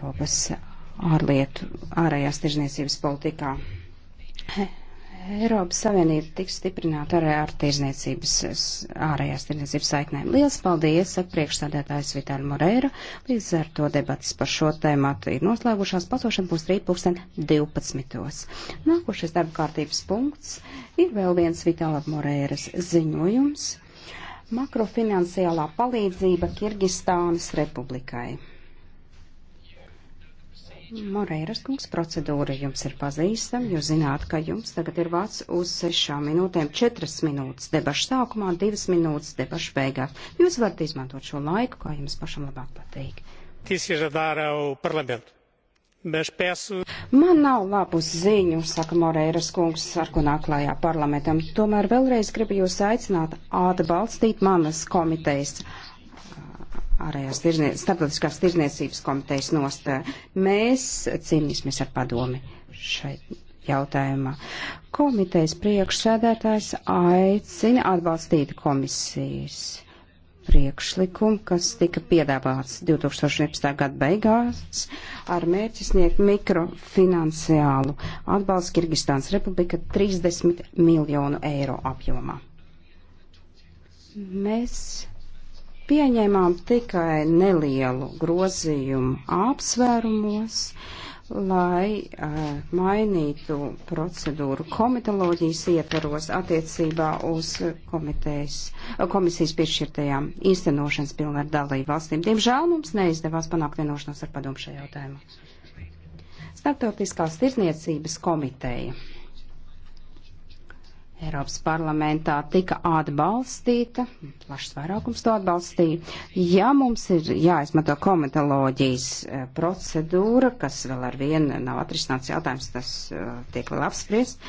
Eiropas ārlietu, ārējās tirzniecības politikā. Eiropas Savienība tiks stiprināta arī ar tirzniecības, ārējās tirzniecības saiknēm. Lielas paldies, saka priekšstādētājs Vitāļa Moreira. Līdz ar to debatas par šo tēmatu ir noslēgušās. Pasošana būs 3.12. Nākošais darba kārtības punkts ir vēl viens Vitāla Moreiras ziņojums. Makrofinansiālā palīdzība Kirgistānas republikai. Moreiras kungs, procedūra jums ir pazīstama. Jūs zināt, ka jums tagad ir vārds uz sešām minūtēm, četras minūtes debašu sākumā, divas minūtes debašu beigās. Jūs varat izmantot šo laiku, kā jums pašam labāk patīk. Man nav labu ziņu, saka Moreiras kungs, ar ko nāk klājā parlamentam. Tomēr vēlreiz gribu jūs aicināt atbalstīt manas komitejas ārējās tirzniecības, starptautiskās tirzniecības komitejas nostā. Mēs cīnīsimies ar padomi šeit jautājumā. Komitejas priekšsēdētājs aicina atbalstīt komisijas priekšlikumu, kas tika piedāvāts 2011. gada beigās ar mērķi sniegt mikrofinanciālu atbalstu Kirgistānas republika 30 miljonu eiro apjomā. Mēs pieņēmām tikai nelielu grozījumu apsvērumos, lai uh, mainītu procedūru komitoloģijas ietvaros attiecībā uz komisijas piešķirtajām īstenošanas pilnvaru dalību valstīm. Diemžēl mums neizdevās panākt vienošanos ar padomu šajā jautājumā. Startautiskās tirzniecības komiteja Eiropas parlamentā tika atbalstīta, plašs vairākums to atbalstīja. Ja mums ir jāizmanto komentoloģijas e, procedūra, kas vēl ar vienu nav atrisināts jautājums, tas e, tiek vēl apspriest,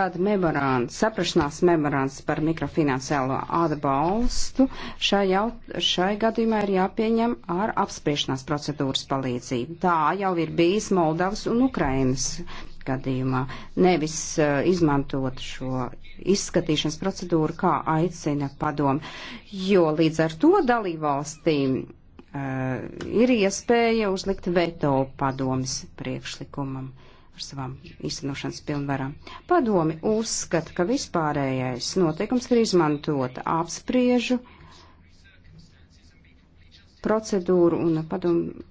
tad memorāns, saprašanās memorāns par mikrofinansiālo atbalstu šai, jaut, šai gadījumā ir jāpieņem ar apspriešanās procedūras palīdzību. Tā jau ir bijis Moldavas un Ukrainas gadījumā, nevis uh, izmantot šo izskatīšanas procedūru, kā aicina padomu, jo līdz ar to dalībvalstīm uh, ir iespēja uzlikt veto padomas priekšlikumam ar savām īstenošanas pilnvarām. Padomi uzskata, ka vispārējais noteikums ir izmantot apspriežu procedūru un padomu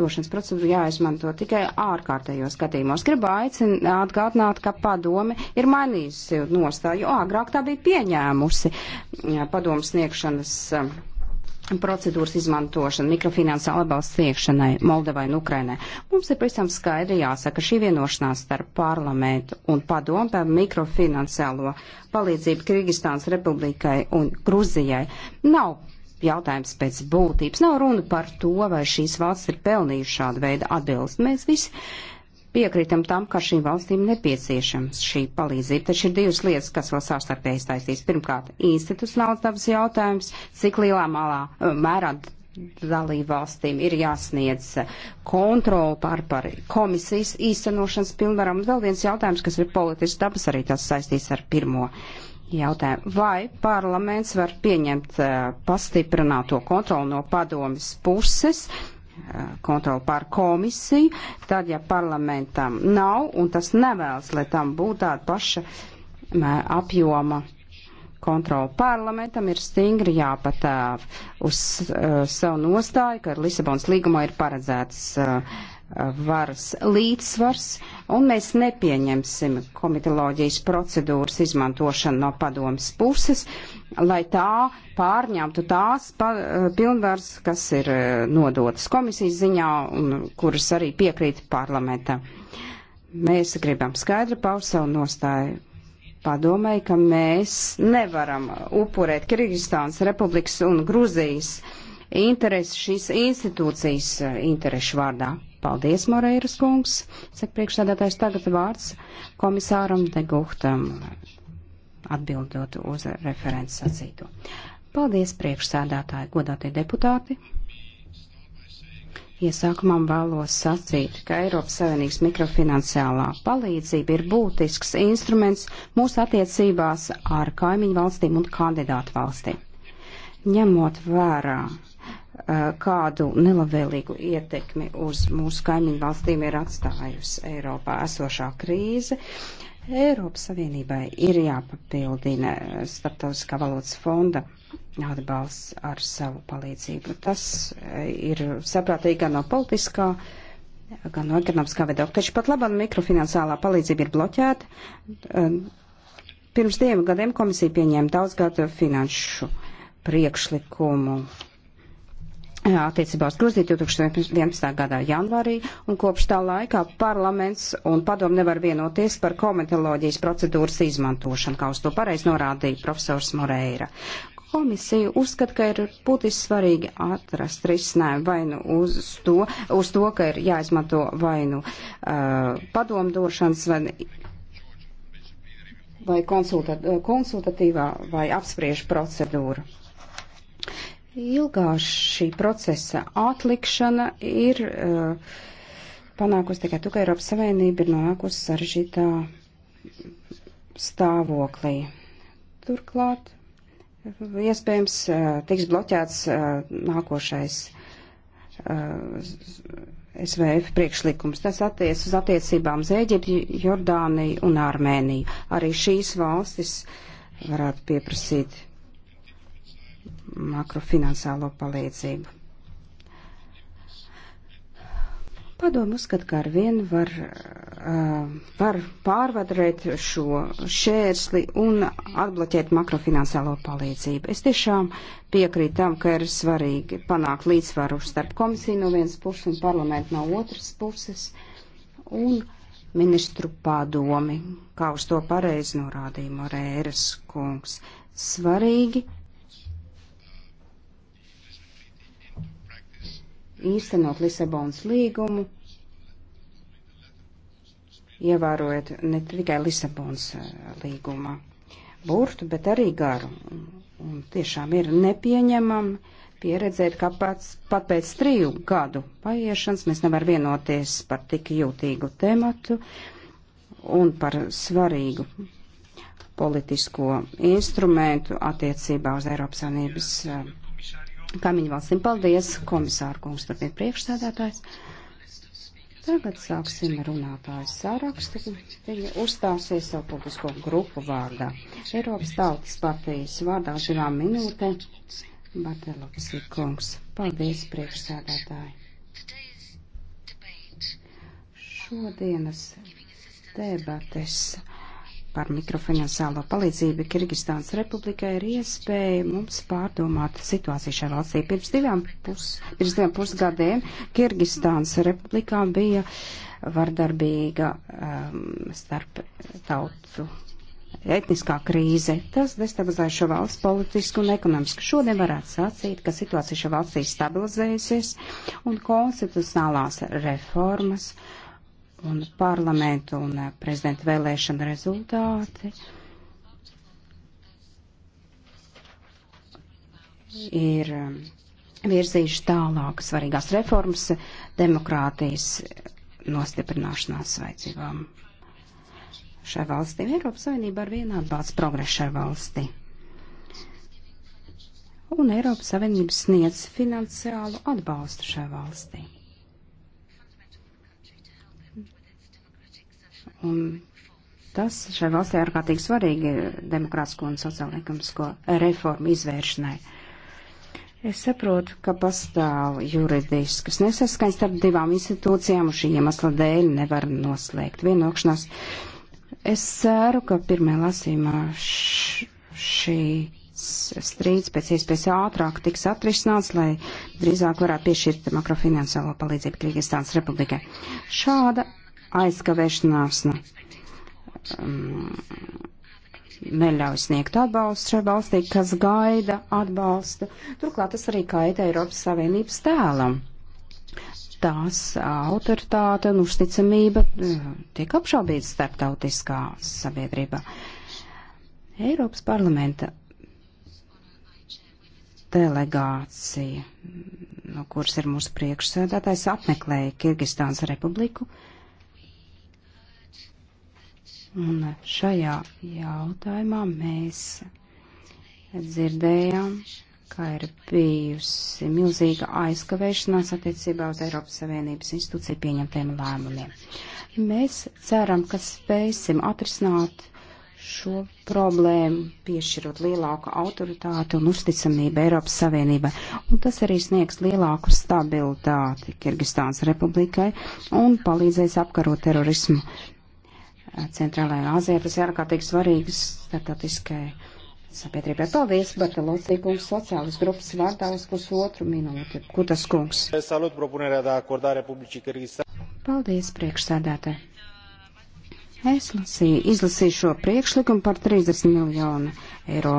došanas procedūra jāizmanto tikai ārkārtējos gadījumos. Gribu aicināt atgādināt, ka padome ir mainījusi nostāju, jo agrāk tā bija pieņēmusi padomu sniegšanas um, procedūras izmantošana mikrofinansāla atbalsta sniegšanai Moldovai un Ukrainai. Mums ir pavisam skaidri jāsaka šī vienošanās starp parlamentu un padomu par mikrofinansālo palīdzību Kirgistānas republikai un Gruzijai nav jautājums pēc būtības. Nav runa par to, vai šīs valsts ir pelnījušas šādu veidu atbilst. Mēs visi piekrītam tam, ka šīm valstīm nepieciešams šī palīdzība. Taču ir divas lietas, kas vēl sāstarpēji iztaisīs. Pirmkārt, institucionāls dabas jautājums, cik lielā malā eh, mērā dalību valstīm ir jāsniedz eh, kontroli pār par komisijas īstenošanas pilnvaram. Un vēl viens jautājums, kas ir politisks dabas, arī tas saistīs ar pirmo. Uh, jautājumu. Vai parlaments var pieņemt uh, pastiprināto kontroli no padomas puses, uh, kontroli pār komisiju, tad, ja parlamentam nav un tas nevēlas, lai tam būtu tāda paša uh, apjoma kontroli parlamentam, ir stingri jāpatāv uz uh, savu nostāju, ka Lisabonas līgumā ir paredzēts. Uh, varas līdzsvars, un mēs nepieņemsim komitoloģijas procedūras izmantošanu no padomas puses, lai tā pārņemtu tās pa, eh, pilnvars, kas ir eh, nodotas komisijas ziņā un kuras arī piekrīt parlamentam. Mēs gribam skaidri paust savu nostāju padomēji, ka mēs nevaram upurēt Kirgistānas republikas un Gruzijas intereses šīs institūcijas eh, interešu vārdā. Paldies, Moreiras kungs. Saka priekšsēdētājs tagad vārds komisāram Deguhtam atbildot uz referents sacīto. Paldies, priekšsēdētāji, godātie deputāti. Iesākumam vēlos sacīt, ka Eiropas Savienības mikrofinanciālā palīdzība ir būtisks instruments mūsu attiecībās ar kaimiņu valstīm un kandidātu valstīm. Ņemot vērā Eh, kādu nelabvēlīgu ietekmi uz mūsu kaimiņu valstīm ir atstājusi Eiropā esošā krīze. Eiropas Savienībai ir jāpapildina Startautiskā valodas fonda atbalsts ar savu palīdzību. Tas eh, ir saprātīgi gan no politiskā, gan no ekonomiskā viedokļa. Taču pat labam mikrofinansālā palīdzība ir bloķēta. Eh, pirms diviem gadiem komisija pieņēma daudzgadu finanšu priekšlikumu attiecībā uz Gruziju 2011. gadā janvārī, un kopš tā laikā parlaments un padomu nevar vienoties par komentoloģijas procedūras izmantošanu, kā uz to pareiz norādīja profesors Moreira. Komisija uzskata, ka ir būtiski svarīgi atrast risinājumu vainu uz to, uz to, ka ir jāizmanto vainu uh, padomdošanas vai vai konsultat, konsultatīvā vai apspriež procedūra ilgā šī procesa atlikšana ir uh, panākusi tikai to, ka Eiropas Savienība ir nonākusi sarežģītā stāvoklī. Turklāt iespējams uh, tiks bloķēts uh, nākošais SVF priekšlikums. Tas attiec uz attiecībām Zēģipju, Jordāniju un Armēniju. Arī šīs valstis varētu pieprasīt makrofinansālo palīdzību. Padomu uzskat, ka ar vienu var, uh, var pārvadrēt šo šērsli un atbloķēt makrofinansālo palīdzību. Es tiešām piekrītu tam, ka ir svarīgi panākt līdzsvaru starp komisiju no vienas puses un parlamentu no otras puses un ministru padomi, kā uz to pareizi norādīja Morēras kungs. Svarīgi īstenot Lisabonas līgumu, ievērojot ne tikai Lisabonas līguma burtu, bet arī garu. Un tiešām ir nepieņemam pieredzēt, ka pats, pat pēc triju gadu paiešanas mēs nevar vienoties par tik jūtīgu tematu un par svarīgu politisko instrumentu attiecībā uz Eiropas Sanības uh, kaimiņu valstīm. Paldies, komisāra kungs, turpiniet priekšsēdētājs. Tagad sāksim runātāju sārakstu. Viņa uzstāsies savu publisko grupu vārdā. Eiropas tautas partijas vārdā divām minūtēm. Bartelopas ir kungs. Paldies, priekšsēdētāji. Šodienas debates par mikrofinansālo palīdzību Kirgistānas republikai ir iespēja mums pārdomāt situāciju šajā valstī. Pirms divām, pus, pirms divām pusgadiem Kirgistānas republikā bija vardarbīga um, starp tautu etniskā krīze. Tas destabilizēja šo valsts politisku un ekonomisku. Šodien varētu sacīt, ka situācija šajā valstī stabilizējusies un konstitucionālās reformas. Uh, un parlamentu un eh, prezidentu vēlēšanu rezultāti ir eh, virzījuši tālāk svarīgās reformas demokrātijas nostiprināšanās vajadzībām. Šai valstī Eiropas Savienība ar vienu atbalsta progresu šai valstī. Un Eiropas Savienība sniedz finansiālu atbalstu šai valstī. Un tas šai valstī ārkārtīgi svarīgi demokrātisko un sociālēkamisko reformu izvēršanai. Es saprotu, ka pastāv juridiskas nesaskaņas starp divām institūcijām, un šī iemesla dēļ nevar noslēgt vienokšanās. Es ceru, ka pirmajā lasīmā šī strīds pēc iespējas ātrāk tiks atrisināts, lai drīzāk varētu piešķirt makrofinansiālo palīdzību Kirgistānas republikai. Šāda aizkavēšanās nu, um, neļauj sniegt atbalstu šai valstī, kas gaida atbalstu. Turklāt tas arī kaita Eiropas Savienības tēlam. Tās autoritāte un uzticamība uh, tiek apšaubīta starptautiskā sabiedrībā. Eiropas parlamenta delegācija, no kuras ir mūsu priekšsēdētājs, apmeklēja Kirgistānas republiku. Uh, Un šajā jautājumā mēs dzirdējām, ka ir bijusi milzīga aizkavēšanās attiecībā uz Eiropas Savienības institūciju pieņemtiem lēmumiem. Mēs ceram, ka spēsim atrisināt šo problēmu, piešķirot lielāku autoritāti un uzticamību Eiropas Savienībai. Un tas arī sniegs lielāku stabilitāti Kirgistānas republikai un palīdzēs apkarot terorismu. Centrālajā Āzijā. Tas ir ārkārtīgi svarīgs startautiskai sabiedrībai. Paldies, Bartolocī kungs, sociālas grupas vārdā uz pusotru minūti. Kutas kungs. Salut, propunerea de acordare publicii Kirgizstānā. Paldies, priekšsēdētāji. Es lasīju, izlasīju šo priekšlikumu par 30 miljonu eiro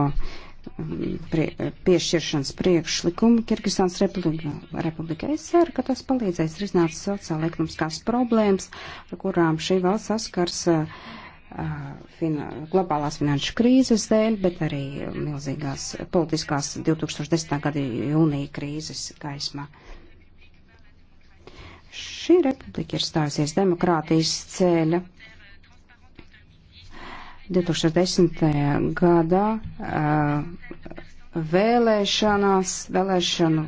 prie, piešķiršanas priekšlikumu Kirgistānas republika, republikai. Es ceru, ka tas palīdzēs risināt sociāla ekonomiskās problēmas, ar kurām šī valsts saskars uh, fina, globālās finanšu krīzes dēļ, bet arī milzīgās politiskās 2010. gada jūnija krīzes gaismā. Šī republika ir stājusies demokrātijas ceļa 2010. gadā vēlēšanās, vēlēšanu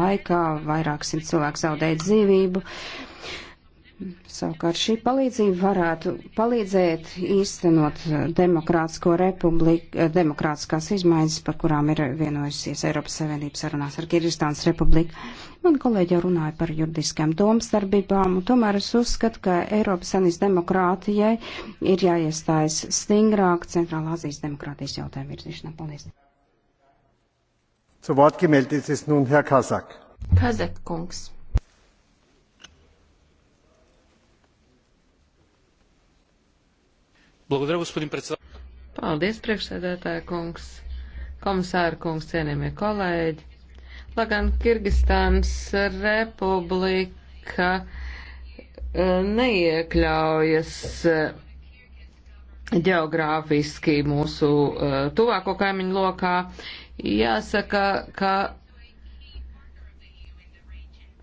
laikā vairāk simt cilvēku zaudēja dzīvību. Uh, Savukārt šī palīdzība varētu palīdzēt īstenot uh, demokrātisko republiku, uh, demokrātiskās izmaiņas, par kurām ir vienojusies Eiropas Savienības sarunās ar Kirgistānas republiku. Man kolēģi jau runāja par juridiskām domstarbībām, un tomēr es uzskatu, ka Eiropas Savienības demokrātijai ir jāiestājas stingrāk Centrālā Azijas demokrātijas jautājumu virzīšanā. Paldies! Zu Wort gemeldet ist nun Herr Kazak. Kazak, Kungs. Благодаря, господин председател. Paldies, priekšsēdētāja kungs, komisāra kungs, cienījamie kolēģi. Lai gan Kirgistānas republika eh, neiekļaujas eh, geogrāfiski mūsu eh, tuvāko kaimiņu lokā, jāsaka, ka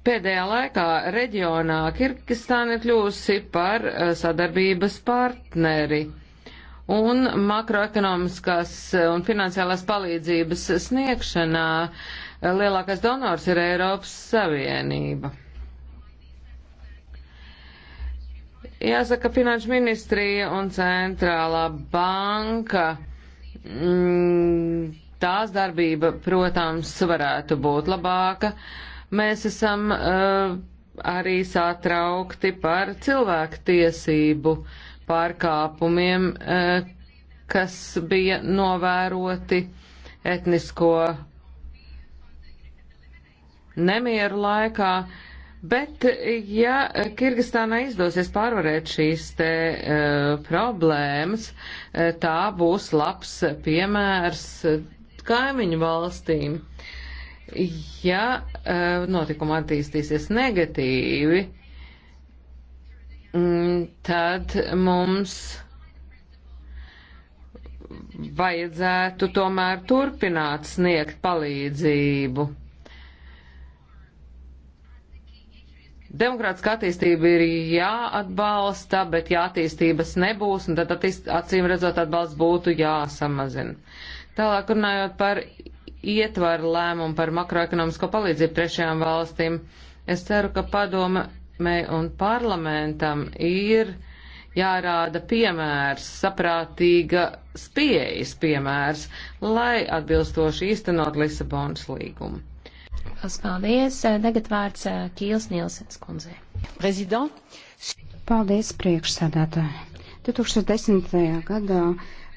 Pēdējā laikā reģionā Kirgistāna ir kļūsi par eh, sadarbības partneri, un makroekonomiskās eh, un finansiālās palīdzības sniegšanā eh, lielākais donors ir Eiropas Savienība. Jāsaka, Finanšu ministrija un Centrālā banka. Mm, tās darbība, protams, varētu būt labāka. Uh, Mēs esam uh, arī satraukti par cilvēku tiesību pārkāpumiem, uh, kas bija novēroti etnisko nemieru laikā. Bet, ja Kirgistānā izdosies pārvarēt šīs te uh, problēmas, tā būs labs piemērs kaimiņu valstīm. Uh, Ja eh, notikuma attīstīsies negatīvi, mm, tad mums vajadzētu tomēr turpināt sniegt palīdzību. Demokrātiskā attīstība ir jāatbalsta, bet ja attīstības nebūs, tad attīst, acīm redzot atbalsts būtu jāsamazina. Tālāk runājot par ietver lēmumu par makroekonomisko palīdzību trešajām valstīm. Es ceru, ka padomei un parlamentam ir jārāda piemērs, saprātīga spiejas piemērs, lai atbilstoši īstenot Lisabonas līgumu. Paldies. Tagad vārds eh, Kīls Nielsens kundzei. Prezident. Paldies, priekšsēdētāji. 2010. gadā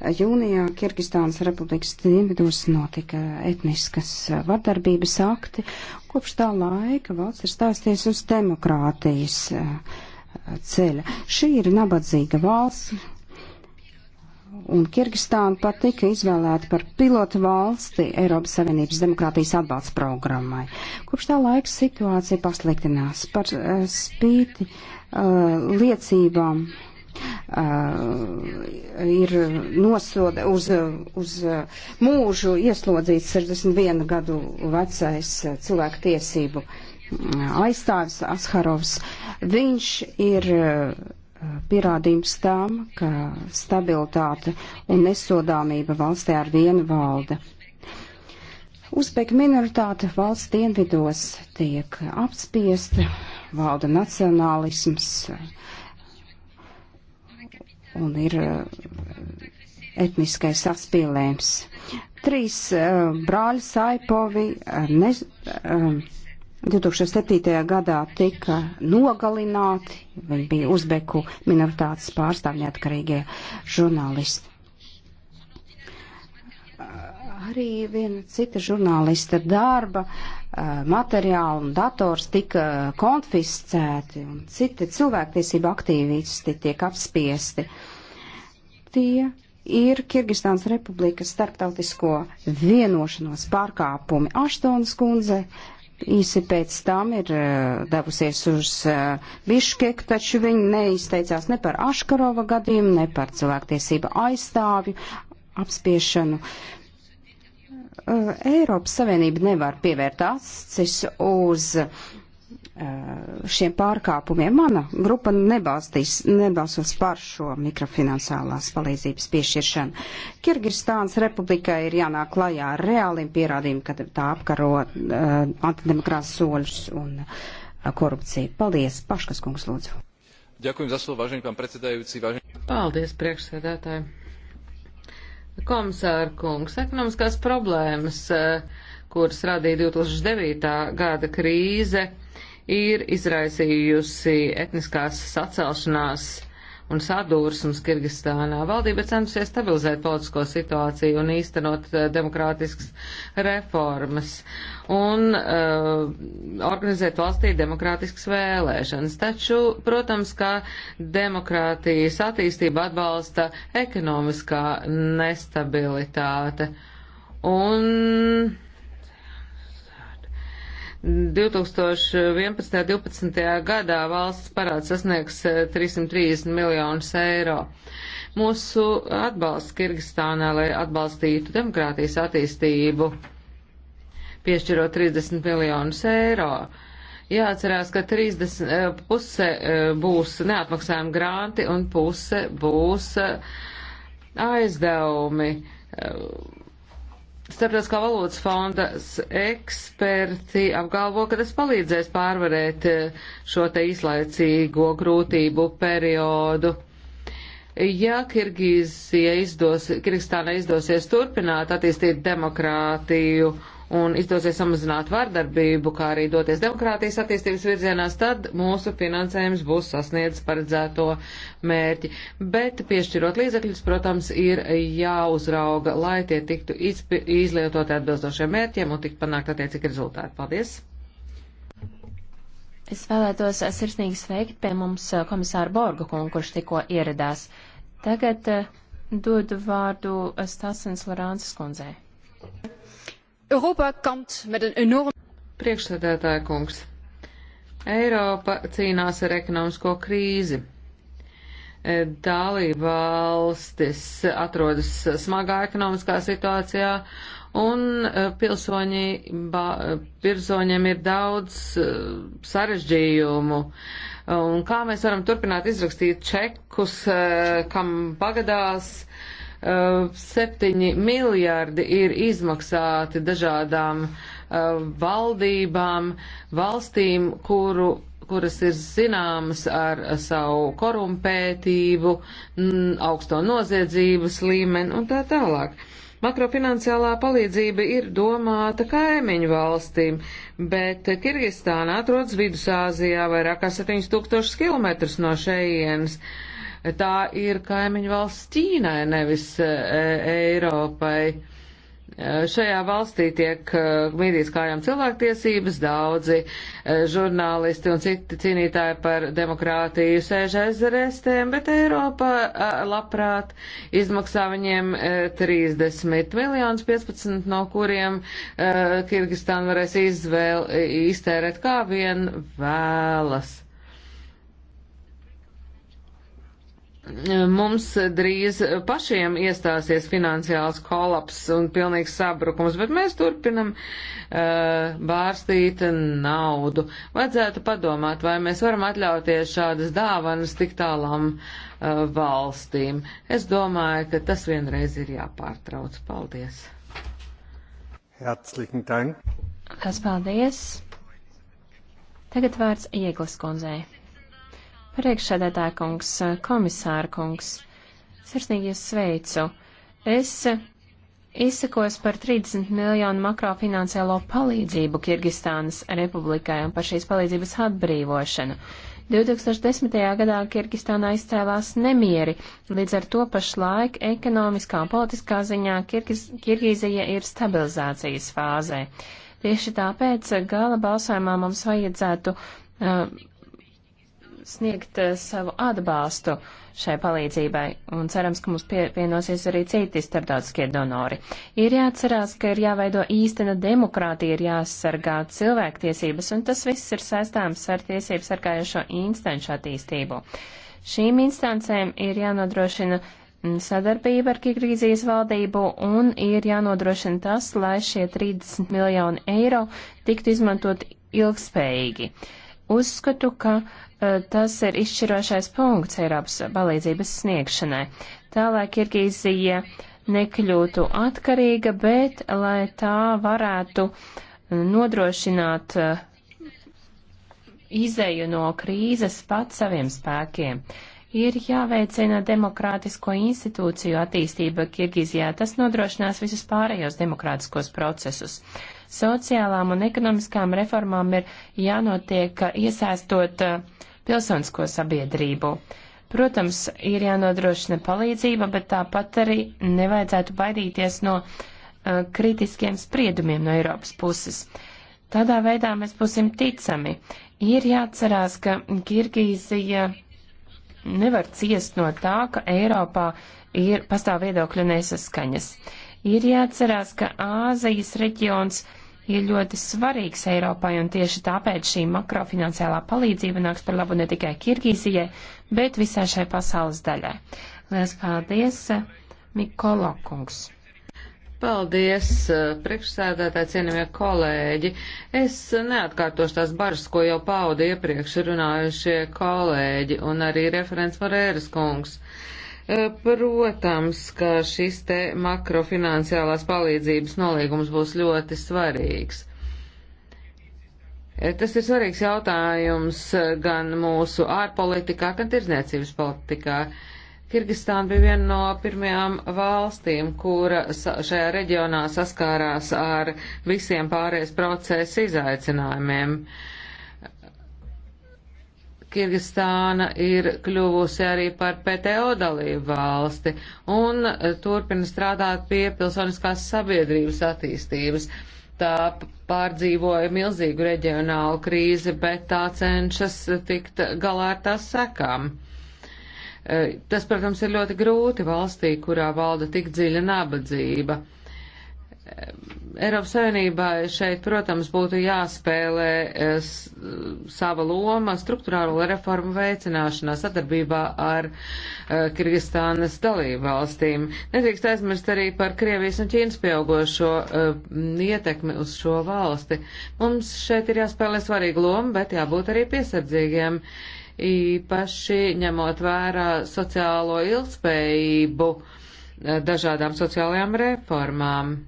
Jūnijā Kirgistānas republikas dienvidos notika etniskas vardarbības akti. Kopš tā laika valsts ir stāsties uz demokrātijas eh, ceļa. Šī ir nabadzīga valsts, un Kirgistāna pat tika izvēlēta par pilotu valsti Eiropas Savienības demokrātijas atbalsts programmai. Kopš tā laika situācija pasliktinās par uh, spīti uh, liecībām uh, ir nosoda uz, uz mūžu ieslodzīts 61 gadu vecais cilvēku tiesību aizstāvis Asharovs. Viņš ir uh, pierādījums tām, ka stabilitāte un nesodāmība valstī ar vienu valda. Uzbeku minoritāte valsts dienvidos tiek apspiesta, valda nacionālisms, uh, un ir eh, etniskais saspīlējums. Trīs uh, brāļi Saipovi eh, ne, uh, 2007. gadā tika nogalināti, viņi bija uzbeku minoritātes pārstāvņi atkarīgie žurnālisti. Arī viena cita žurnālista darba, eh, materiāli un dators tika konfiscēti, un citi cilvēktiesība aktīvisti tiek apspiesti. Tie ir Kirgistānas Republikas starptautisko vienošanos pārkāpumi. Aštonas kundze īsi pēc tam ir eh, devusies uz eh, Biškeku, taču viņa neizteicās ne par Aškarova gadījumu, ne par cilvēktiesība aizstāvju apspiešanu. Eh, Eiropas Savienība nevar pievērt acis uz eh, šiem pārkāpumiem. Mana grupa nebalstīs, nebalsos par šo mikrofinansālās palīdzības piešķiršanu. Kirgistānas republikai ir jānāk klajā ar reāliem pierādījumiem, ka tā apkaro uh, eh, antidemokrātas soļus un uh, korupciju. Paldies, Paškas kungs, lūdzu. Ďakujem za slovo, vážený pán predsedajúci. Vážený... Paldies, priekšsēdētāji. Komisāra kungs, ekonomiskās problēmas, eh, kuras radīja 2009. gada krīze, ir izraisījusi etniskās sacelšanās un sadursums Kirgistānā. Valdība centusies stabilizēt politisko situāciju un īstenot eh, demokrātiskas reformas un uh, organizēt valstī demokrātiskas vēlēšanas. Taču, protams, kā demokrātijas attīstība atbalsta ekonomiskā nestabilitāte. Un 2011. un 2012. gadā valsts parāds sasniegs 330 eh, miljonus eiro. Mūsu atbalsts Kirgistānā, lai atbalstītu demokrātijas attīstību, piešķirot 30 miljonus eiro. Jāatcerās, ka 30, eh, puse eh, būs neatmaksājumi granti un puse būs aizdevumi Starptautiskā valodas fondas eksperti apgalvo, ka tas palīdzēs pārvarēt eh, šo te izlaicīgo grūtību periodu. Ja Kirgīzija izdos, Kirgistāna izdosies turpināt attīstīt demokrātiju un izdosies samazināt vardarbību, kā arī doties demokrātijas attīstības virzienās, tad mūsu finansējums būs sasniedzis paredzēto mērķi. Bet piešķirot līdzekļus, protams, ir jāuzrauga, lai tie tiktu izlietoti atbilstošiem mērķiem un tiktu panākt attiecīgi rezultāti. Paldies! Es vēlētos sirsnīgi sveikt pie mums eh, komisāru Borgu kungu, kurš tikko ieradās. Tagad eh, dodu vārdu eh, Stasens Lorānces kundzei. Europa kampt met een enorm. Priekšsēdētāja kungs. Eiropa cīnās ar ekonomisko krīzi. E, dalība valstis atrodas smagā ekonomiskā situācijā un e, pilsoņi, ba, pilsoņiem ir daudz e, sarežģījumu. Un kā mēs varam turpināt izrakstīt čekus, kam pagadās, Uh, septiņi miljārdi ir izmaksāti dažādām uh, valdībām, valstīm, kuru kuras ir zināmas ar savu korumpētību, augsto noziedzības līmeni un tā tālāk. Makrofinanciālā palīdzība ir domāta kaimiņu valstīm, bet Kirgistāna atrodas Vidusāzijā vairāk kā 7000 km no šejienes. Uh, tā ir kaimiņu valsts Ķīnai, nevis e, Eiropai. E, šajā valstī tiek e, mīdīts kājām cilvēktiesības, daudzi žurnālisti un citi cīnītāji par demokrātiju sēž aiz restēm, bet Eiropa labprāt izmaksā viņiem 30 miljonus, 15 no kuriem Kirgistāna varēs izvēl, iztērēt kā vien vēlas. mums drīz pašiem iestāsies finansiāls kolaps un pilnīgs sabrukums, bet mēs turpinam uh, bārstīt naudu. Vajadzētu padomāt, vai mēs varam atļauties šādas dāvanas tik tālam uh, valstīm. Es domāju, ka tas vienreiz ir jāpārtrauc. Paldies! Herzlichen Dank! Kas paldies! Tagad vārds Ieglas kundzei. Priekšsēdētāja kungs, komisāra kungs, sirsnīgi jūs sveicu. Es izsakos par 30 miljonu makrofinanciālo palīdzību Kirgistānas republikai un par šīs palīdzības atbrīvošanu. 2010. gadā Kirgistānā izcēlās nemieri, līdz ar to pašlaik ekonomiskā un politiskā ziņā Kirgiz, Kirgīzija ir stabilizācijas fāzē. Tieši tāpēc gala balsojumā mums vajadzētu uh, sniegt eh, savu atbalstu šai palīdzībai, un cerams, ka mums pievienosies arī citi starptautiskie donori. Ir jāatcerās, ka ir jāveido īstena demokrātija, ir jāsargā cilvēktiesības, un tas viss ir saistāms ar tiesību sargājošo instanču attīstību. Šīm instancēm ir jānodrošina mm, sadarbība ar Kirgīzijas valdību un ir jānodrošina tas, lai šie 30 miljoni eiro tiktu izmantot ilgspējīgi. Uzskatu, ka Eh, tas ir izšķirošais punkts Eiropas palīdzības sniegšanai. Tā, lai Kirgīzija nekļūtu atkarīga, bet lai tā varētu eh, nodrošināt eh, izēju no krīzes pat saviem spēkiem. Ir jāveicina demokrātisko institūciju attīstība Kirgizijā. Tas nodrošinās visus pārējos demokrātiskos procesus. Sociālām un ekonomiskām reformām ir jānotiek iesaistot uh, pilsonisko sabiedrību. Protams, ir jānodrošina palīdzība, bet tāpat arī nevajadzētu baidīties no uh, kritiskiem spriedumiem no Eiropas puses. Tādā veidā mēs būsim ticami. Ir jāatcerās, ka Kirgīzija nevar ciest no tā, ka Eiropā ir pastāv viedokļu nesaskaņas. Ir jāatcerās, ka Āzijas reģions uh, ir ļoti svarīgs Eiropai, un tieši tāpēc šī makrofinansiālā palīdzība nāks par labu ne tikai Kirgīzijai, bet visai šai pasaules daļai. Lielas paldies, Mikolo kungs! Paldies, eh, priekšsēdētāji, cienījamie kolēģi. Es neatkārtošu tās bažas, ko jau pauda iepriekš runājušie kolēģi un arī referents Morēras kungs. Uh, Protams, ka šis te makrofinansiālās palīdzības nolīgums būs ļoti svarīgs. E, tas ir svarīgs jautājums gan mūsu ārpolitikā, gan tirzniecības politikā. Kirgistāna bija viena no pirmajām valstīm, kura šajā reģionā saskārās ar visiem pārējais procesa izaicinājumiem. Uh, Kirgistāna ir kļuvusi arī par PTO dalību valsti un turpina strādāt pie pilsoniskās sabiedrības attīstības. Tā pārdzīvoja milzīgu reģionālu krīzi, bet tā cenšas tikt galā ar tās sekām. Eh, tas, protams, ir ļoti grūti valstī, kurā valda tik dziļa nabadzība Eiropas Savienībai šeit, protams, būtu jāspēlē e, e, sava loma struktūrālo reformu veicināšanā sadarbībā ar e, Kirgistānas dalību valstīm. Nedrīkst aizmirst arī par Krievijas un Ķīnas pieaugošo ietekmi uz šo valsti. Mums šeit ir jāspēlē svarīga loma, bet jābūt arī piesardzīgiem, īpaši ņemot vērā sociālo ilgspējību dažādām sociālajām reformām.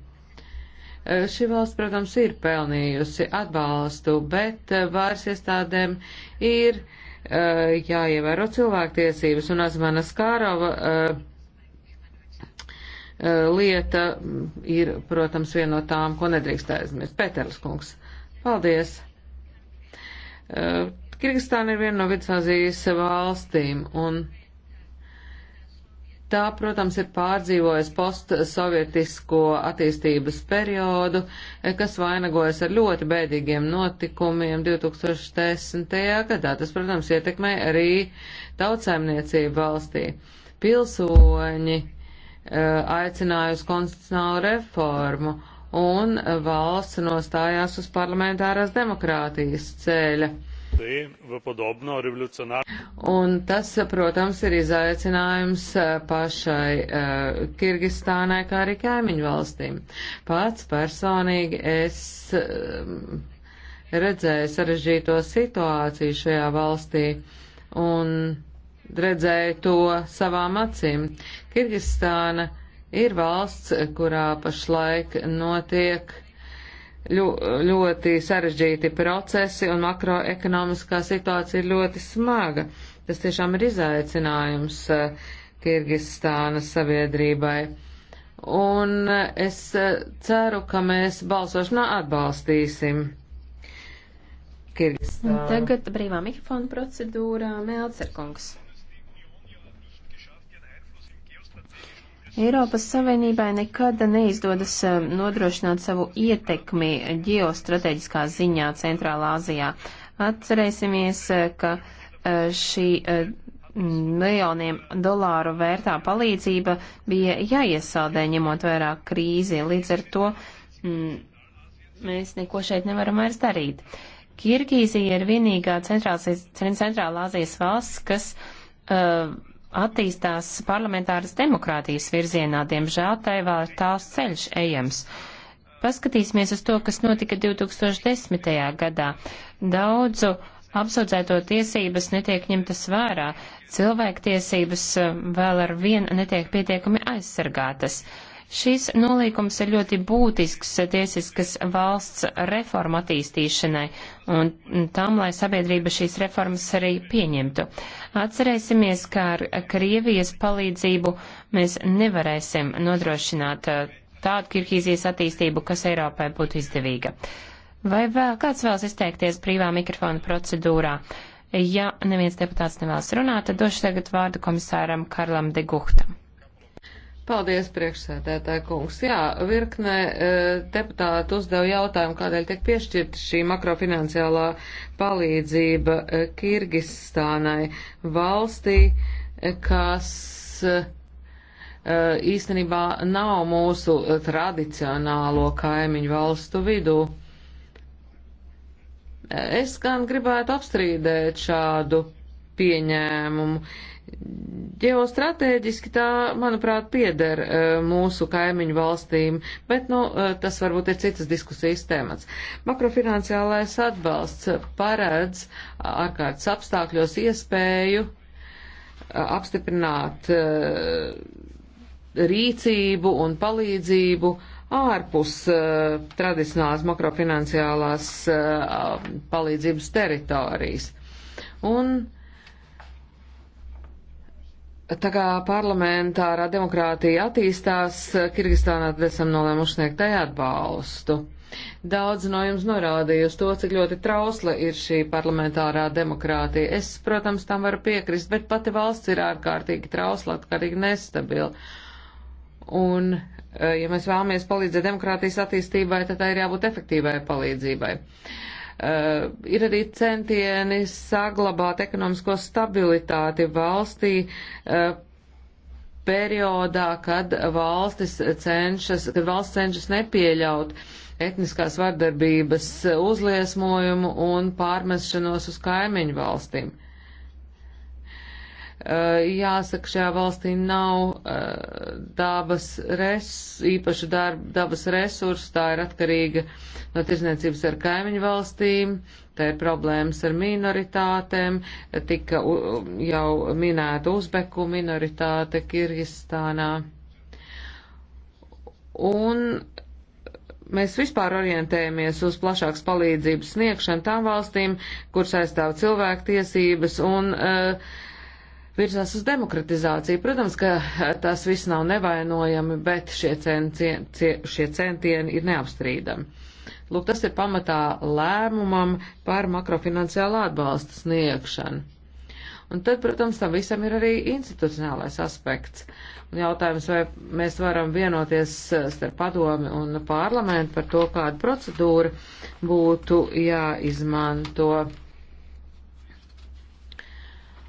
Eh, šī valsts, protams, ir pelnījusi atbalstu, bet eh, vairs iestādēm ir eh, jāievēro cilvēktiesības un Azmana Skārova lieta mm, ir, protams, viena no tām, ko nedrīkst aizmirst. Pēters kungs, paldies! Kirgistāna ir viena no Vidusāzijas valstīm, un Tā, protams, ir pārdzīvojusi postsovietisko attīstības periodu, kas vainagojas ar ļoti bēdīgiem notikumiem 2010. gadā. Tas, protams, ietekmē arī tautsēmniecību valstī. Pilsoņi eh, aicināja uz konstitucionālu reformu un valsts nostājās uz parlamentārās demokrātijas ceļa Un tas, protams, ir izaicinājums eh, pašai eh, Kirgistānai, kā arī kaimiņu valstīm. Pats personīgi es eh, redzēju sarežģīto situāciju šajā valstī un redzēju to savām acīm. Kirgistāna ir valsts, kurā pašlaik notiek ļo, ļoti sarežģīti procesi un makroekonomiskā situācija ir ļoti smaga. Tas tiešām ir izaicinājums eh, Kirgistānas sabiedrībai. Un eh, es eh, ceru, ka mēs balsošanā atbalstīsim. Kirgistānu. Tagad brīvā mikrofona procedūra Melcerkungs. Eiropas Savienībai nekad neizdodas um, nodrošināt savu ietekmi ģeostrateģiskā ziņā Centrālā Azijā. Atcerēsimies, uh, ka uh, šī uh, miljoniem dolāru vērtā palīdzība bija jāiesaldē, ņemot vērā krīzi. Līdz ar to mm, mēs neko šeit nevaram vairs darīt. Kirgīzija ir vienīgā centrālās, centrālā Azijas valsts, kas uh, attīstās parlamentāras demokrātijas virzienā, diemžēl tai vēl ir tāls ceļš ejams. Paskatīsimies uz to, kas notika 2010. gadā. Daudzu apsūdzēto tiesības netiek ņemtas vērā, cilvēktiesības eh, vēl ar vienu netiek pietiekami aizsargātas. Uh, Šis nolīkums ir ļoti būtisks tiesiskas valsts reforma attīstīšanai un tam, lai sabiedrība šīs reformas arī pieņemtu. Atcerēsimies, ka ar Krievijas palīdzību mēs nevarēsim nodrošināt uh, tādu Kirhīzijas attīstību, kas Eiropai būtu izdevīga. Vai vēl kāds vēlas izteikties brīvā mikrofona procedūrā? Ja neviens deputāts nevēlas runāt, tad došu tagad vārdu komisāram Karlam de Guhtam. Paldies, priekšsēdētāja kungs. Jā, virknē e, deputāti uzdeva jautājumu, kādēļ tiek piešķirta šī makrofinanciālā palīdzība e, Kirgistānai valstī, e, kas īstenībā nav mūsu tradicionālo kaimiņu valstu vidū. Es gan gribētu apstrīdēt šādu pieņēmumu ģeostrateģiski tā, manuprāt, pieder e, mūsu kaimiņu valstīm, bet, nu, e, tas varbūt ir citas diskusijas tēmats. Makrofinanciālais atbalsts paredz ārkārtas apstākļos iespēju e, apstiprināt rīcību un palīdzību ārpus tradicionālās makrofinanciālās palīdzības teritorijas. Un, uh, Tā kā parlamentārā demokrātija attīstās, Kirgistānā esam nolēmuši sniegt tai atbalstu. Daudz no jums norādīja uz to, cik ļoti trausla ir šī parlamentārā demokrātija. Es, protams, tam varu piekrist, bet pati valsts ir ārkārtīgi trausla, ārkārtīgi nestabila. Un, eh, ja mēs vēlamies palīdzēt demokrātijas attīstībai, tad tā ir jābūt efektīvai palīdzībai. Uh, Uh, ir arī centieni saglabāt ekonomisko stabilitāti valstī uh, periodā, kad valstis cenšas, kad valsts cenšas nepieļaut etniskās vardarbības uzliesmojumu un pārmesšanos uz kaimiņu valstīm. Uh, Eh, jāsaka, šajā valstī nav eh, dabas res, īpaši darba, dabas resursu, tā ir atkarīga no tirzniecības ar kaimiņu valstīm, tā ir problēmas ar minoritātēm, tika jau minēta uzbeku minoritāte Kirgistānā. Un mēs vispār orientējamies uz plašāks palīdzības sniegšanu tām valstīm, kur saistāv cilvēktiesības un uh, virzās uz demokratizāciju. Protams, ka eh, tās viss nav nevainojami, bet šie centieni, šie centieni ir neapstrīdami. Lūk, tas ir pamatā lēmumam par makrofinanciālu atbalstu sniegšanu. Un tad, protams, tam visam ir arī institucionālais aspekts. Un jautājums, vai mēs varam vienoties eh, starp padomi un parlamentu par to, kāda procedūra būtu jāizmanto. Ja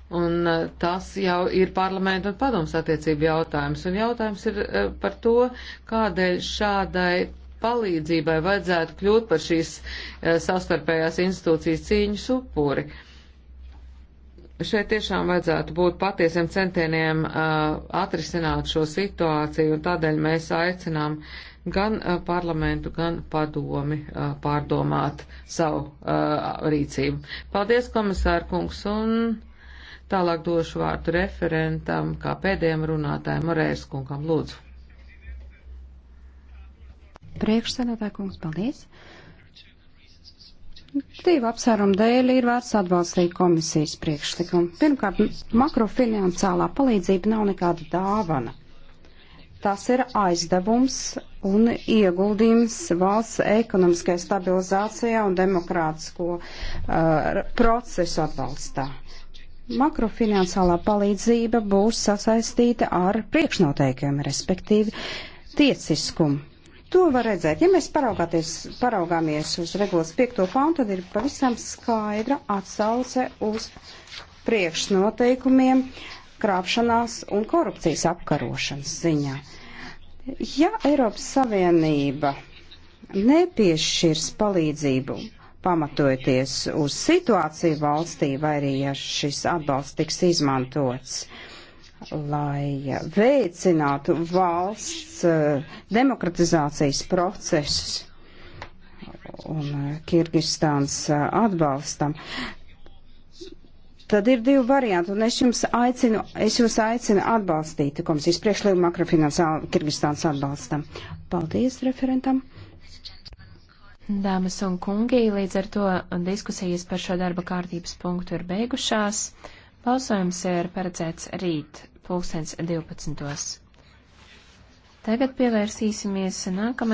Un uh, tas jau ir parlamenta un padoms attiecību jautājums. Un jautājums ir uh, par to, kādēļ šādai palīdzībai vajadzētu kļūt par šīs uh, savstarpējās institūcijas cīņas upuri. Šeit tiešām vajadzētu būt patiesiem centieniem atrisināt šo situāciju, un tādēļ mēs aicinām gan parlamentu, gan padomi pārdomāt savu rīcību. Paldies, komisārkungs, un Tālāk došu vārdu referentam, kā pēdējiem runātājiem, Morērs kungam, lūdzu. Priekšsēdētāj kungs, paldies. Divu apsvērumu dēļ ir vērts atbalstīt komisijas priekšlikumu. Pirmkārt, makrofinansālā palīdzība nav nekāda dāvana. Tas ir aizdevums un ieguldījums valsts ekonomiskajā stabilizācijā un demokrātisko uh, procesu atbalstā. Makrofinansālā palīdzība būs sasaistīta ar priekšnoteikumiem, respektīvi tiesiskumu. To var redzēt. Ja mēs paraugāmies uz regulas piekto pantu, tad ir pavisam skaidra atsauce uz priekšnoteikumiem krāpšanās un korupcijas apkarošanas ziņā. Ja Eiropas Savienība nepiešķirs palīdzību pamatojoties uz situāciju valstī, vai arī ja šis atbalsts tiks izmantots, lai veicinātu valsts eh, demokratizācijas procesus un eh, Kirgistāns eh, atbalstam. Tad ir divi varianti, un es jums aicinu, es jūs aicinu atbalstīt komisijas priekšlikumu makrofinansālu Kirgistāns atbalstam. Paldies referentam! Dāmas un kungi, līdz ar to diskusijas par šo darba kārtības punktu ir beigušās. Balsojums ir paredzēts rīt, pulkstens 12. Tagad pievērsīsimies nākamajai.